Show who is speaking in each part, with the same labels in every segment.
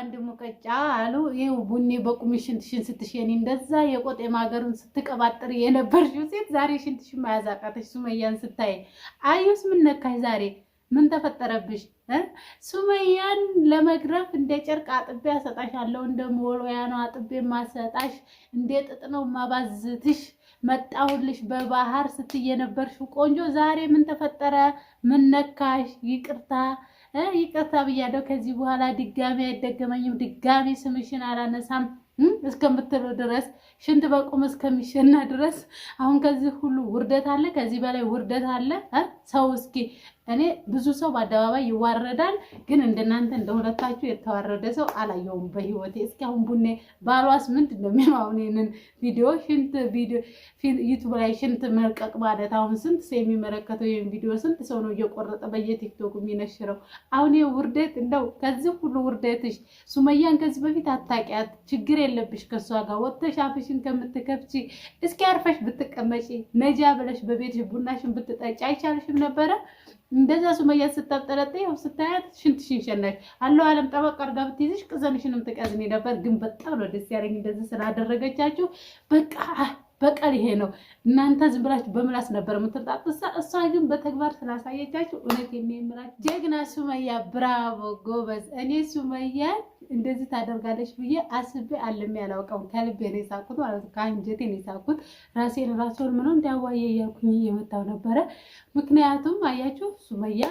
Speaker 1: አንድ ሙቀጫ አሉ። ይኸው ቡኒ በቁም ሽንትሽን ስትሸኒ እንደዛ የቆጤ ማገሩን ስትቀባጥር የነበርሽው ሴት ዛሬ ሽንትሽን መያዝ አቃተሽ ሱመያን ስታይ። አዩስ ምን ነካሽ ዛሬ? ምን ተፈጠረብሽ? ሱመያን ለመግረፍ እንደ ጨርቅ አጥቤ አሰጣሻለሁ፣ እንደ ሞሮያኗ አጥቤ ማሰጣሽ፣ እንደ ጥጥ ነው ማባዝትሽ። መጣሁልሽ በባህር ስትይ የነበርሽው ቆንጆ፣ ዛሬ ምን ተፈጠረ? ምን ነካሽ? ይቅርታ ይቅርታ ብያለሁ። ከዚህ በኋላ ድጋሚ አይደገመኝም፣ ድጋሚ ስምሽን አላነሳም እስከምትሉ ድረስ ሽንት በቁም እስከሚሸና ድረስ። አሁን ከዚህ ሁሉ ውርደት አለ፣ ከዚህ በላይ ውርደት አለ። ሰው እስኪ እኔ ብዙ ሰው በአደባባይ ይዋረዳል፣ ግን እንደናንተ እንደሁለታችሁ የተዋረደ ሰው አላየውም በህይወቴ። እስኪ አሁን ቡኔ ባሏስ ምንድን ነው የሚለው? አሁን ይህንን ቪዲዮ ሽንት ዩቱብ ላይ ሽንት መልቀቅ ማለት አሁን ስንት ሰው የሚመለከተው ይህን ቪዲዮ ስንት ሰው ነው እየቆረጠ በየቲክቶክ የሚነሽረው? አሁን ውርደት እንደው ከዚህ ሁሉ ውርደትሽ ሱመያን ከዚህ በፊት አታውቂያት፣ ችግር የለብሽ ከእሷ ጋር ወጥተሽ አፍሽን ከምትከፍቺ እስኪ አርፈሽ ብትቀመጪ ነጃ ብለሽ በቤትሽ ቡናሽን ብትጠጪ አይቻልሽም ነበረ? እንደዛ ሱመያ ስታጠረጥ ያው ስታያት ሽንት ሸናሽ አለው አለም ጠበቅ አድርጋ ብትይዝሽ ቅዘንሽንም ትቀዝኒ ነበር። ግን በጣም ነው ደስ ያለኝ እንደዚህ ስላደረገቻችሁ በቃ በቀል ይሄ ነው። እናንተ ዝም ብላችሁ በምላስ ነበር የምትጣጡ፣ እሷ ግን በተግባር ስላሳየቻችሁ እውነት የሚምራችሁ ጀግና ሱመያ፣ ብራቮ ጎበዝ። እኔ ሱመያ እንደዚህ ታደርጋለች ብዬ አስቤ አልሜ አላውቀውም። ከልቤ ነው የሳኩት ማለት ነው፣ ከአንጀቴ ነው የሳኩት። ራሴን ራሴን ምነው እንዲያዋየ እያልኩኝ እየመጣሁ ነበረ። ምክንያቱም አያችሁ ሱመያ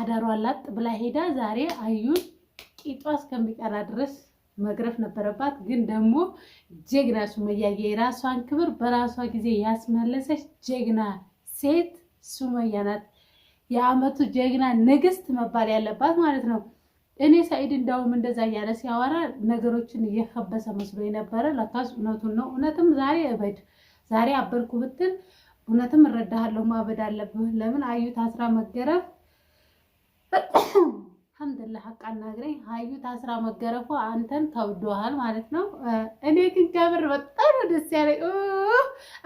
Speaker 1: አዳሯ ላጥ ብላ ሄዳ ዛሬ አዩን ቂጧ እስከሚቀራ ድረስ መቅረፍ ነበረባት። ግን ደግሞ ጀግና ሱመያ የራሷን ክብር በራሷ ጊዜ ያስመለሰች ጀግና ሴት ሱመያ ናት። የአመቱ ጀግና ንግስት መባል ያለባት ማለት ነው። እኔ ሰኢድ እንዳውም እንደዛ እያለ ሲያወራ ነገሮችን እየከበሰ መስሎ የነበረ ለካስ እውነቱን ነው። እውነትም ዛሬ እበድ ዛሬ አበድኩ ብትል እውነትም እረዳሃለሁ። ማበድ አለብህ። ለምን አዩ ታስራ መገረፍ አልሐምዱላ ሀቅ አናግረኝ ሀዩ ታስራ መገረፏ አንተን ከብዶሃል ማለት ነው። እኔ ግን ከብር በጣም ደስ ያለ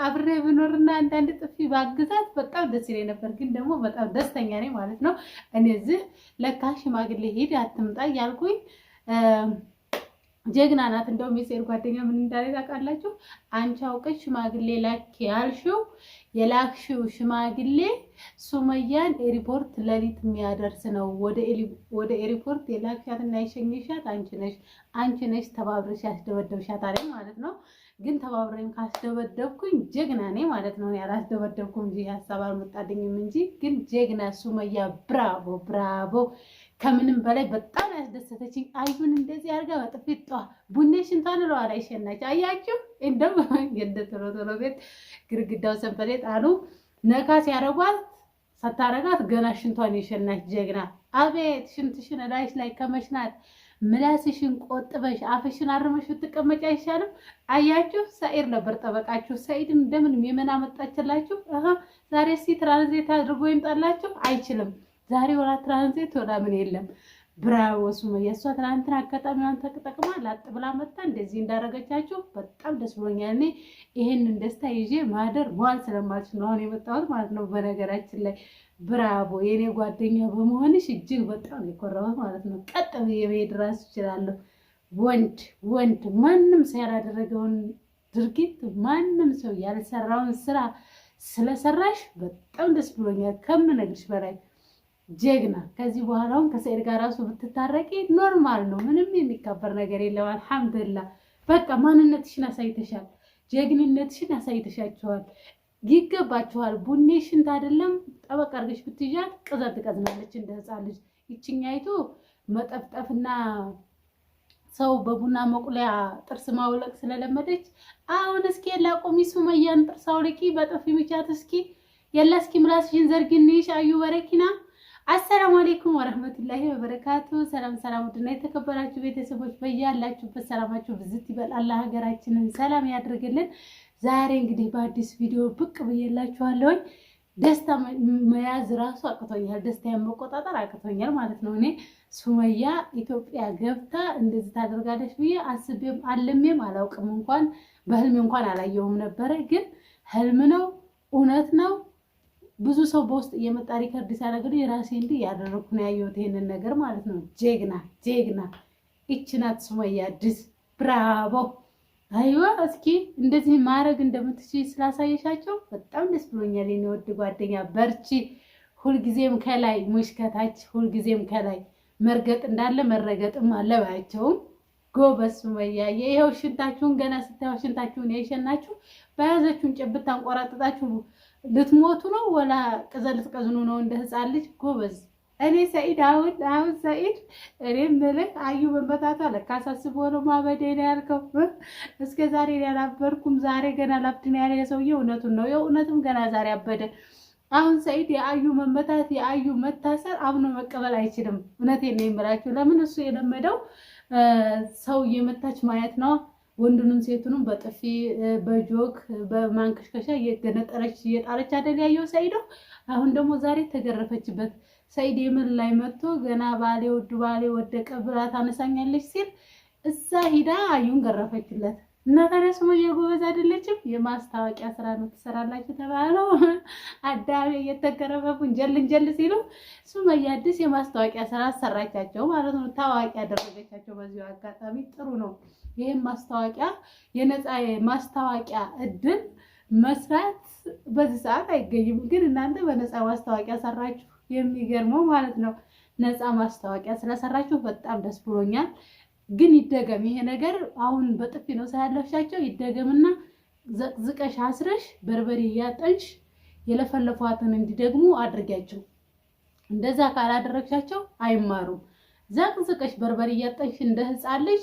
Speaker 1: አብሬ ብኖርና አንዳንድ ጥፊ ባግዛት በጣም ደስ ይለኝ ነበር። ግን ደግሞ በጣም ደስተኛ ነኝ ማለት ነው። እኔ እዚህ ለካ ሽማግሌ ሂድ አትምጣ እያልኩኝ ጀግና ናት። እንደውም የሴር ጓደኛ ምን እንዳለ ታውቃላችሁ? አንቺ አውቀሽ ሽማግሌ ላክ ያልሽው የላክሽው ሽማግሌ ሱመያን ኤሪፖርት ለሊት የሚያደርስ ነው። ወደ ኤሪፖርት የላክሻት እና የሸኘሻት አንቺ ነሽ፣ አንቺ ነሽ ተባብረሽ ያስደበደብሻት አለ ማለት ነው። ግን ተባብረን ካስደበደብኩኝ ጀግና ነኝ ማለት ነው። ያላስደበደብኩም እንጂ ሀሳብ አልመጣልኝም እንጂ ግን ጀግና ሱመያ፣ ብራቮ ብራቮ ከምንም በላይ በጣም ያስደሰተችኝ አዩን እንደዚህ አድርጋ በጥፊት ጠዋ ቡኔ ሽንቷን ለዋላ ይሸናች አያችሁ። እንደም እንደ ቶሎ ቶሎ ቤት ግድግዳው ሰንፈሌ ጣሉ ነካ ሲያረጓት ሳታረጋት ገና ሽንቷን የሸናች ጀግና። አቤት ሽንትሽን እላይሽ ላይ ከመሽናት ምላስሽን ቆጥበሽ አፍሽን አርመሽ ብትቀመጭ አይሻልም? አያችሁ ሰኢድ ነበር ጠበቃችሁ። ሰኢድን እንደምን የመና መጣችላችሁ። ዛሬ ሲ ትራንዜት አድርጎ ይምጣላችሁ አይችልም ዛሬ ወላ ትራንዚት ወላ ምን የለም። ብራወ ሱመያ፣ እሷ ትናንትና አጋጣሚዋን ተጠቅማ ላጥ ብላ መታ እንደዚህ እንዳደረገቻችሁ በጣም ደስ ብሎኛል። እኔ ይሄንን ደስታ ይዤ ማደር መዋል ስለማልችል ነው አሁን የመጣሁት ማለት ነው። በነገራችን ላይ ብራቮ፣ የእኔ ጓደኛ በመሆንሽ እጅግ በጣም የኮራሁት ማለት ነው። ቀጥ ብዬ መሄድ እራሱ እችላለሁ። ወንድ ወንድ ማንም ሰው ያላደረገውን ድርጊት ማንም ሰው ያልሰራውን ስራ ስለሰራሽ በጣም ደስ ብሎኛል ከምነግርሽ በላይ ጀግና። ከዚህ በኋላውም ከሰኢድ ጋር ራሱ ብትታረቂ ኖርማል ነው፣ ምንም የሚከበር ነገር የለም። አልሐምዱላ በቃ ማንነትሽን አሳይተሻል፣ ጀግንነትሽን አሳይተሻችኋል። ይገባችኋል። ቡኔሽን ታደለም ጠበቅ አድርገሽ ብትይዣት ቅዛ ትቀዝናለች እንደ ህፃን ልጅ። ይችኛይቱ መጠፍጠፍና ሰው በቡና መቁለያ ጥርስ ማውለቅ ስለለመደች አሁን እስኪ የላ ቆሚ ሱመያን ጥርስ አውልቂ በጥፊ ምቻት እስኪ የላ እስኪ ምላስሽን ዘርግንሽ አዩ በረኪና አሰላሙ አሌይኩም ወረህመቱላሂ ወበረካቱ። ሰላም ሰላም፣ ውድና የተከበራችሁ ቤተሰቦች በያላችሁበት ሰላማችሁ ብዝት ይበል። ሀገራችንን ሰላም ያደርግልን ዛሬ እንግዲህ በአዲስ ቪዲዮ ብቅ ብዬላችኋለሁኝ። ደስታ መያዝ ራሱ አቅቶኛል። ደስታ መቆጣጠር አቅቶኛል ማለት ነው። እኔ ሱመያ ኢትዮጵያ ገብታ እንደዚህ ታደርጋለች ብዬ አስቤም አልሜም አላውቅም። እንኳን በህልሜ እንኳን አላየውም ነበረ። ግን ህልም ነው እውነት ነው ብዙ ሰው በውስጥ እየመጣ ሪከርድ ሲያደርግ የራሴ እንዲህ ያደረግኩ ነው ያየሁት ይሄንን ነገር ማለት ነው። ጀግና ጀግና ይችናት ሱመያ አዲስ ብራቦ። አይዋ እስኪ እንደዚህ ማድረግ እንደምትችል ስላሳየሻቸው በጣም ደስ ብሎኛል። የወድ ጓደኛ በርቺ፣ ሁልጊዜም ከላይ ሙሽ ከታች፣ ሁልጊዜም ከላይ መርገጥ እንዳለ መረገጥም አለ ባያቸውም ጎበስ ሱመያ ይኸው ሽንታችሁን ገና ስታየው ሽንታችሁን የሸናችሁ በያዘችሁን ጭብት አንቆራጥጣችሁ ልትሞቱ ነው ወላ ቅዘ ልትቀዝኑ ነው? እንደ ህፃን ልጅ ጎበዝ። እኔ ሰኢድ አሁን አሁን ሰኢድ እኔ የምልህ አዩ መንበታቷ ለካ ሳስብ ሆኖ ማበዴ ነው ያልከው። እስከ ዛሬ ያላበርኩም ዛሬ ገና ላብድን ያለ የሰውዬ እውነቱን ነው። የእውነትም ገና ዛሬ አበደ። አሁን ሰኢድ የአዩ መመታት የአዩ መታሰር አምኖ መቀበል አይችልም። እውነቴን ነው የምላችሁ። ለምን እሱ የለመደው ሰው እየመታች ማየት ነው። ወንዱንም ሴቱንም በጥፊ በጆክ በማንከሽከሻ እየገነጠረች እየጣረች አደጋ ያየው ሰይዶ። አሁን ደግሞ ዛሬ ተገረፈችበት። ሰይድ የምን ላይ መጥቶ ገና ባሌ ወዱ ባሌ ወደቀ ብላ ታነሳኛለች ሲል እዛ ሂዳ አዩን ገረፈችለት። እና ታዲያ ስሙዬ ጎበዝ አይደለችም? የማስታወቂያ ስራ ነው ትሰራላችሁ ተባለው። አዳሜ እየተገረፈፉ እንጀል እንጀል ሲሉ ሱመያ አዲስ የማስታወቂያ ስራ አሰራቻቸው ማለት ነው። ታዋቂ ያደረገቻቸው በዚሁ አጋጣሚ ጥሩ ነው። ይህም ማስታወቂያ የነፃ ማስታወቂያ እድል መስራት በዚህ ሰዓት አይገኝም፣ ግን እናንተ በነፃ ማስታወቂያ ሰራችሁ። የሚገርመው ማለት ነው ነፃ ማስታወቂያ ስለሰራችሁ በጣም ደስ ብሎኛል። ግን ይደገም ይሄ ነገር አሁን በጥፊ ነው ሳያለፍሻቸው ይደገምና ዘቅዝቀሽ አስረሽ በርበሬ እያጠንሽ የለፈለፏትን እንዲደግሙ አድርጊያቸው። እንደዛ ካላደረግሻቸው አይማሩም። ዘቅዝቀሽ በርበሬ እያጠንሽ እንደ ህፃን ልጅ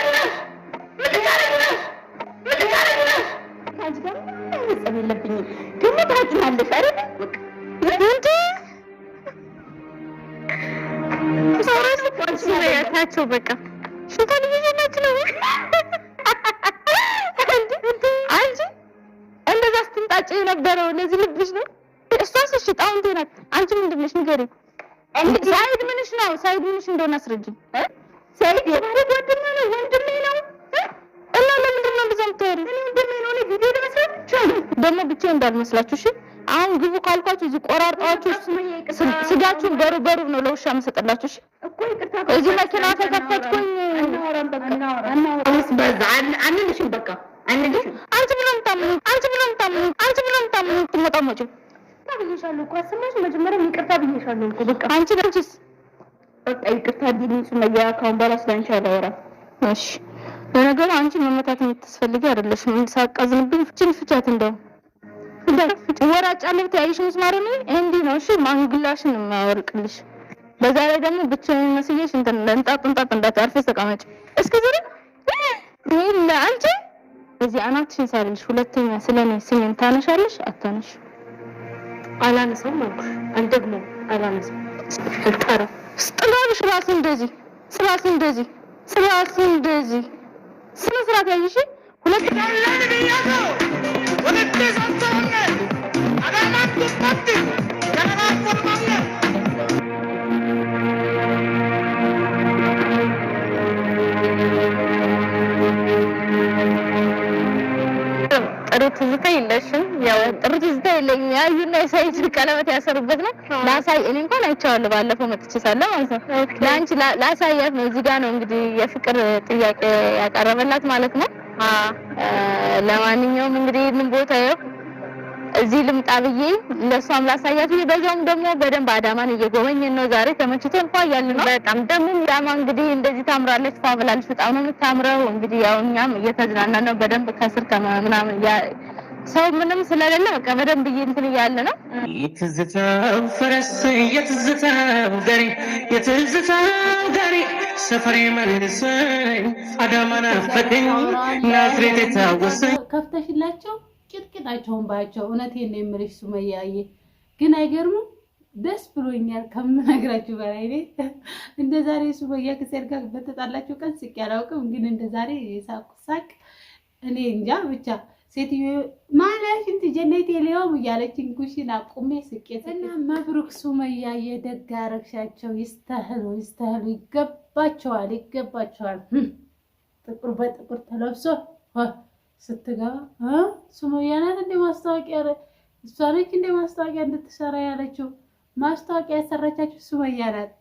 Speaker 1: ትመልስ አይደል? እንዴ ያታቸው በቃ ሽንታን እየሸናች ነው። አንቺ እንደዛ ስትንጣጭ የነበረው እነዚህ ልብሽ ነው። እሷስ እሺ ጣውንቴ ናት። አንቺ ምንድን ነሽ ንገሪኝ። ሳይድ ምንሽ ነው? ሳይድ ምንሽ እንደሆነ አስረጅኝ። ሳይድ የባህሪ ጓደኛ ነው፣ ወንድሜ ነው እና ለምንድን ነው እንደዛ የምትወሪው? እኔ ወንድሜ ነው እኔ ቪዲዮ ለመስራት ደግሞ ብቻዬን እንዳልመስላችሁ እሺ አሁን ግቡ ካልኳችሁ እዚህ ቆራርጣችሁ ስጋችሁን በሩብ ነው ለውሻ ይቅርታ፣ እዚህ መኪና ተከፈትኩኝ። አንቺ ብሎ ምታምኑ አንቺ ብሎ ምታምኑ አንቺ ይቅርታ ቢልኝ ሱመያ ካሁን በኋላ ስለአንቺ አላወራም። እሺ ለነገሩ አንቺ መመታት የምትስፈልጊ አይደለሽም። ሳቃዝንብኝ ፍቺን ፍቻት እንደውም ወራጭ አለብት ያይሽ ምስማር ነው እንዲህ ነው። እሺ ማንግላሽን የሚያወልቅልሽ በዛ ላይ ደግሞ ብቻዬን መስዬሽ እንትን ለንጣጥ እንጣጥ እንዳታርፈሽ ተቀመጭ። እስኪ ዝም ይሄን ለአንቺ እዚህ አናትሽን ሳልልሽ ሁለተኛ ስለኔ ስሜን ታነሻለሽ። አታነሽ አላነሳም አልኩሽ። አልደግሞም አላነሳም። ተጣረ ስጥላብሽ ራስ እንደዚህ ስራስ እንደዚህ ስራስ እንደዚህ ስነ ስርዓት ያይሽ ሁለተኛ ለምን ያዘው ጥሩ ትዝታ የለሽም። ቀለበት ያሰሩበት ነው ላሳይ። እኔ እንኳን አይቼዋለሁ ባለፈው መጥቼ ሳለ ማለት ነው። ለአንቺ ላሳያት ነው። እዚህ ጋር ነው እንግዲህ የፍቅር ጥያቄ ያቀረበላት ማለት ነው። ለማንኛውም እንግዲህ ይህንን ቦታ ይኸው እዚህ ልምጣ ብዬ ለእሷም ላሳያት ብዬ በዛውም ደግሞ በደንብ አዳማን እየጎበኘን ነው። ዛሬ ተመችቶ ፏ እያልን ነው። በጣም ደግሞ አዳማ እንግዲህ እንደዚህ ታምራለች፣ ፏ ብላለች። በጣም ነው የምታምረው። እንግዲህ ያው እኛም እየተዝናናን ነው በደንብ ከስር ከምናምን ሰው ምንም ስለሌለ በቃ በደንብ እንትን እያለ ነው። የትዝታው ፈረስ የትዝታው ጋሪ የትዝታው ጋሪ ሰፈሬ መልሰኝ አዳማ ናፈቀኝ ናዝሬት የታወሰኝ ከፍተሽላቸው ቂጥቂጣቸውን ባያቸው። እውነቴን ነው የምልሽ ሱመያዬ፣ ግን አይገርምም? ደስ ብሎኛል ከምነግራችሁ በላይ እኔ እንደ ዛሬ ሱመያ ከሴት ጋር በተጣላችሁ ቀን ስቄ አላውቅም። ግን እንደ ዛሬ ሳቅ ሳቅ እኔ እንጃ ብቻ ሴትዮ ማለሽን ትጀነት የለውም እያለችን ኩሽን አቁሜ ስቄት እና መብሩክ ሱመያ የደግ አረግሻቸው። ይስተህሉ ይስተህሉ፣ ይገባቸዋል ይገባቸዋል። ጥቁር በጥቁር ተለብሶ ስትገባ ሱመያ ናት እንደ ማስታወቂያ እሷ ነች እንደ ማስታወቂያ እንድትሰራ ያለችው። ማስታወቂያ ያሰራቻችሁ ሱመያ ናት።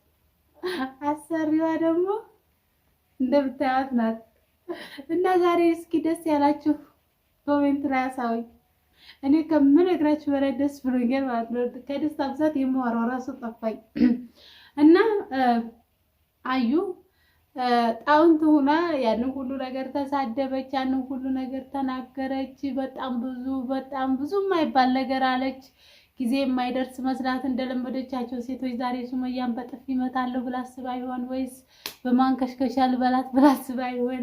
Speaker 1: አሰሪዋ ደግሞ እንደምታያት ናት። እና ዛሬ እስኪ ደስ ያላችሁ ኮሜንት ላይ አሳውኝ። እኔ ከምነግራችሁ በላይ ደስ ብሎኛል ማለት ነው። ከደስታ ብዛት የማወራው ራሱ ጠፋኝ እና አዩ ጣውንት ሁና ያንን ሁሉ ነገር ተሳደበች፣ ያንን ሁሉ ነገር ተናገረች። በጣም ብዙ በጣም ብዙ የማይባል ነገር አለች። ጊዜ የማይደርስ መስላት እንደለመደቻቸው ሴቶች ዛሬ ሱመያን በጥፊ ይመታለሁ ብላ አስባ ይሆን ወይስ በማንከሽከሻ ልበላት ብላ አስባ ይሆን?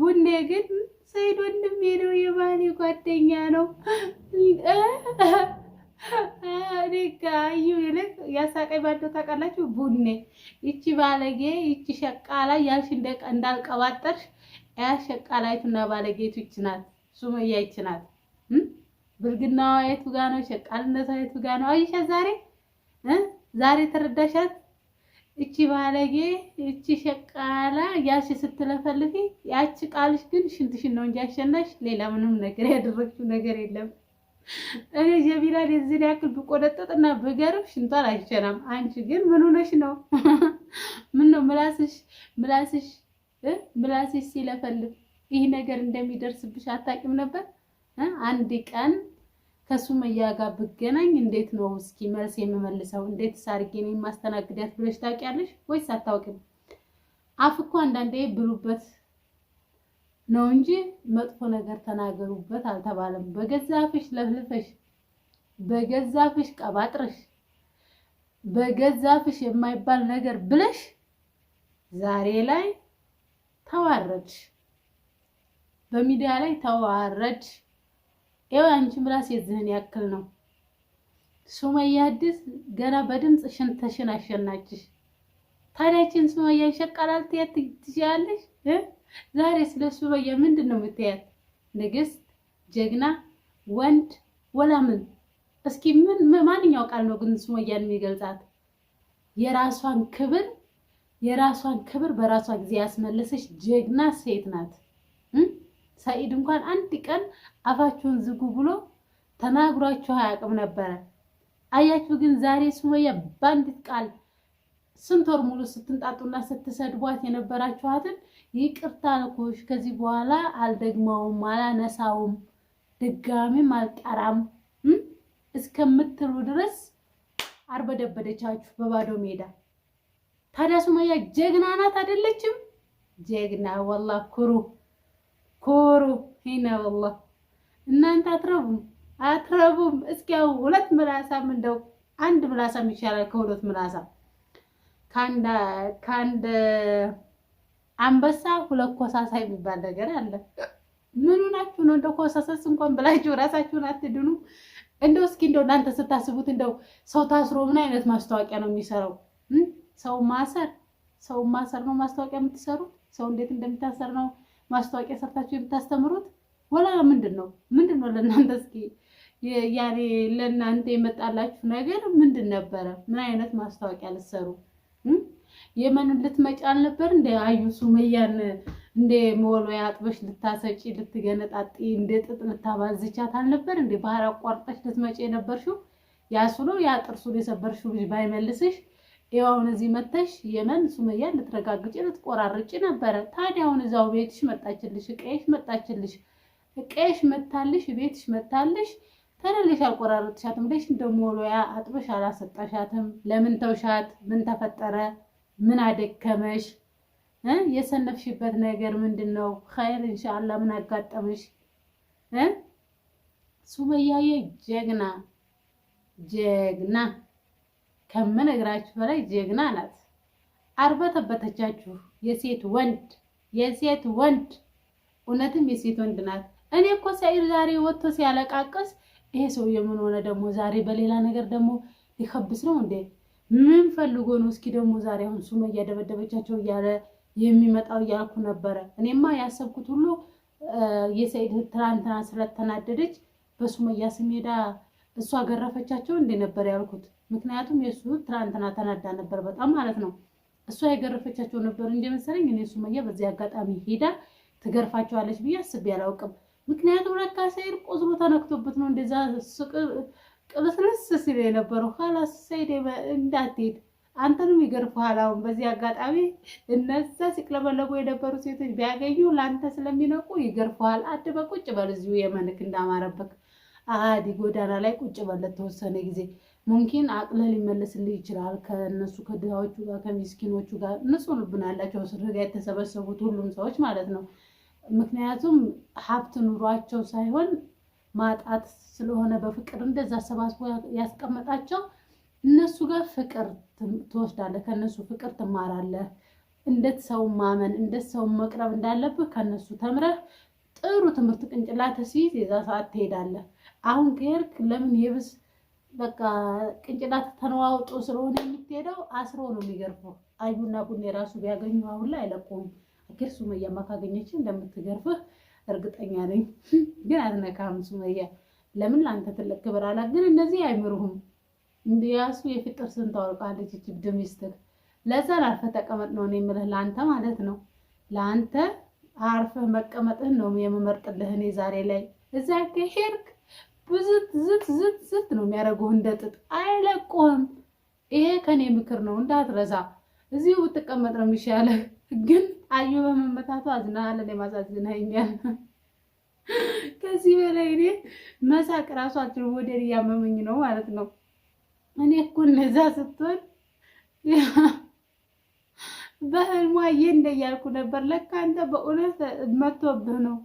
Speaker 1: ቡኔ ግን ሰይድ ወንድሜ ነው፣ የባሌ ጓደኛ ነው። እኔ ይልቅ ያሳቀኝ ባንደው ታውቃላችሁ? ቡኔ ይቺ ባለጌ ይቺ ሸቃላ ያልሽ እንዳልቀባጠርሽ ያ ሸቃላይቱና ባለጌቱ ይቺ ናት፣ ሱመያ ይቺ ናት። ብልግናዋ የቱ ጋ ነው? ሸቃልነቷ የቱ ጋ ነው? አየሻት ዛሬ ዛሬ ተረዳሻት። እቺ ባለጌ እቺ ሸቃላ ያልሽ ስትለፈልፊ ያቺ ቃልሽ ግን ሽንትሽን ነው እንጂ አሸናሽ ሌላ ምንም ነገር ያደረግሽው ነገር የለም። እኔ ጀሚላን የዚህን ያክል ብቆነጠጥና ብገርብ ሽንቷን አይሸናም። አንቺ ግን ምን ሆነሽ ነው? ምን ነው ምላስሽ ምላስሽ ምላስሽ ሲለፈልፍ ይህ ነገር እንደሚደርስብሽ አታውቂም ነበር አንድ ቀን ከሱመያ ጋር ብገናኝ እንዴት ነው እስኪ መልስ የምመልሰው? እንዴት ሳርጌ ነው የማስተናግዳት ብለሽ ታውቂያለሽ ወይስ አታውቂም? አፍ እኮ አንዳንዴ ብሉበት ነው እንጂ መጥፎ ነገር ተናገሩበት አልተባለም። በገዛ አፍሽ ለፍልፈሽ፣ በገዛ አፍሽ ቀባጥረሽ፣ በገዛ አፍሽ የማይባል ነገር ብለሽ ዛሬ ላይ ተዋረድሽ፣ በሚዲያ ላይ ተዋረድሽ። ይኸው አንቺ ምላስ የዚህን ያክል ነው። ሱመያ አዲስ ገና በድምፅ ሽንተሽን አሸናችሽ። ታዲያችን ሱመያ ይሸቃላል ትያት ትችያለሽ። ዛሬ ስለ ሱመያ ምንድን ነው የምትያት? ንግስት፣ ጀግና፣ ወንድ ወላምን? እስኪ ምን ማንኛው ቃል ነው ግን ሱመያን የሚገልጻት? የራሷን ክብር የራሷን ክብር በራሷ ጊዜ ያስመለሰች ጀግና ሴት ናት። ሰኢድ እንኳን አንድ ቀን አፋችሁን ዝጉ ብሎ ተናግሯችሁ አያውቅም ነበረ። አያችሁ ግን ዛሬ ሱመያ በአንዲት ቃል ስንት ወር ሙሉ ስትንጣጡና ስትሰድቧት የነበራችኋትን ይቅርታ ልኩሽ፣ ከዚህ በኋላ አልደግመውም፣ አላነሳውም፣ ድጋሚም አልጠራም እስከምትሉ ድረስ አርበደበደቻችሁ በባዶ ሜዳ። ታዲያ ሱመያ ጀግና ናት አይደለችም? ጀግና ወላ ኩሩ ኮሩ ሂና ወላሂ እናንተ አትረቡም አትረቡም። እስኪ ያው ሁለት ምላሳም እንደው አንድ ምላሳም ይሻላል ከሁለት ምላሳ ከአንድ አንበሳ ሁለት ኮሳሳ የሚባል ነገር አለ። ምኑ ናችሁ ነው እንደ ኮሳሳስ እንኳን ብላችሁ ራሳችሁን አትድኑ። እንደው እስኪ እንደው እናንተ ስታስቡት እንደው ሰው ታስሮ ምን አይነት ማስታወቂያ ነው የሚሰራው? ሰው ማሰር ሰው ማሰር ነው ማስታወቂያ የምትሰሩት። ሰው እንዴት እንደሚታሰር ነው ማስታወቂያ ሰርታችሁ የምታስተምሩት ወላ ምንድን ነው ምንድን ነው ለእናንተ እስኪ ያኔ ለእናንተ የመጣላችሁ ነገር ምንድን ነበረ? ምን አይነት ማስታወቂያ ልትሰሩ የመንን ልትመጪ አልነበር እንደ አዩ ሱመያን እንደ መወልወያ አጥበሽ ልታሰጪ ልትገነጣጢ እንደ ጥጥ ልታባዝቻት አልነበር እንደ ባህር አቋርጠሽ ልትመጪ የነበርሽው ያሱ ነው ያ ጥርሱን የሰበርሽው ልጅ ባይመልስሽ ይኸው አሁን እዚህ መተሽ የመን ሱመያ ልትረጋግጭ ልትቆራርጪ ነበረ። ታዲያ አሁን እዛው ቤትሽ መጣችልሽ፣ ቀሽ መጣችልሽ፣ ቀሽ መታልሽ፣ ቤትሽ መታልሽ። ተለልሽ አልቆራረጥሻትም ደሽ እንደ ሞሎያ አጥበሽ አላሰጣሻትም። ለምን ተውሻት? ምን ተፈጠረ? ምን አደከመሽ? የሰነፍሽበት ነገር ምንድን ነው? ኸይር እንሻላ ምን አጋጠመሽ? ሱመያዬ ጀግና ጀግና ከምነግራችሁ በላይ ጀግና ናት። አርበተበተቻችሁ የሴት ወንድ የሴት ወንድ እውነትም የሴት ወንድ ናት። እኔ እኮ ሰኢድ ዛሬ ወጥቶ ሲያለቃቅስ ይሄ ሰው ምን ሆነ ደግሞ ዛሬ በሌላ ነገር ደግሞ ሊከብስ ነው እንዴ? ምን ፈልጎ ነው? እስኪ ደግሞ ዛሬ አሁን ሱመ እያደበደበቻቸው እያለ የሚመጣው እያልኩ ነበረ። እኔማ ያሰብኩት ሁሉ የሰኢድ ትናንትና ስለተናደደች በሱመያ ስሜዳ እሷ ገረፈቻቸው እንዴ ነበር ያልኩት። ምክንያቱም የእሱ ትናንትና ተናዳ ነበር በጣም ማለት ነው። እሷ የገረፈቻቸው ነበር እንደመሰለኝ እኔ ሱመያ በዚህ አጋጣሚ ሄዳ ትገርፋቸዋለች ብዬ አስቤ አላውቅም። ምክንያቱም ለካ ሰይድ ቁስሉ ተነክቶበት ነው እንደዛ ቅብስልስ ሲል የነበረው። ኋላስ ሰይድ እንዳትሄድ አንተንም ይገርፍሃል። አሁን በዚህ አጋጣሚ እነዛ ሲቅለበለቡ የነበሩ ሴቶች ቢያገኙ ለአንተ ስለሚነቁ ይገርፍሃል። አድበ ቁጭ በል እዚሁ የመንክ እንዳማረበክ አዲ ጎዳና ላይ ቁጭ በል ተወሰነ ጊዜ ሙምኪን አቅለ ሊመለስልህ ይችላል። ከነሱ ከድሃዎቹ ጋር ከሚስኪኖቹ ጋር እነሱ ልብ ያላቸው ስርጋ የተሰበሰቡት ሁሉም ሰዎች ማለት ነው። ምክንያቱም ሀብት ኑሯቸው ሳይሆን ማጣት ስለሆነ በፍቅር እንደዛ አሰባስቦ ያስቀመጣቸው እነሱ ጋር ፍቅር ትወስዳለህ፣ ከእነሱ ፍቅር ትማራለህ። እንደት ሰው ማመን እንደት ሰው መቅረብ እንዳለብህ ከእነሱ ተምረህ ጥሩ ትምህርት ቅንጭላ ሲይዝ የዛ ሰዓት ትሄዳለህ። አሁን ከሄድክ ለምን የብስ በቃ ቅንጭላት ተነዋውጦ ስለሆነ የምትሄደው አስሮ ነው የሚገርፈው። አዩና ቡኔ ራሱ ቢያገኙ አሁን ላይ አይለቁም። አኪር ሱመያማ ካገኘች እንደምትገርፍህ እርግጠኛ ነኝ። ግን አትነካም ሱመያ። ለምን ለአንተ ትልቅ ክብር አላት። ግን እነዚህ አይምሩህም። እንዲያሱ የፍጥር ስንት ታወርቃለች እቺ ሚስትህ። ለዛ አርፈህ ተቀመጥ ነው የምልህ፣ ለአንተ ማለት ነው። ለአንተ አርፈህ መቀመጥህን ነው የምመርጥልህ እኔ ዛሬ ላይ እዛ ከሄድክ ብዝት ዝት ዝት ዝት ነው የሚያደርጉህ እንደ ጥጥ አይለቁህም። ይሄ ከኔ ምክር ነው እንዳትረሳ። እዚሁ ብትቀመጥ ነው የሚሻለህ። ግን አዩ በመመታቱ አዝናለን፣ ማሳዝናኛል። ከዚህ በላይ እኔ መሳቅ ራሱ አልችልም። ወደድ እያመመኝ ነው ማለት ነው። እኔ እኮ እነዛ ስትሆን በህልሟ ይህ እንደያልኩ ነበር። ለካ አንተ በእውነት መጥቶብህ ነው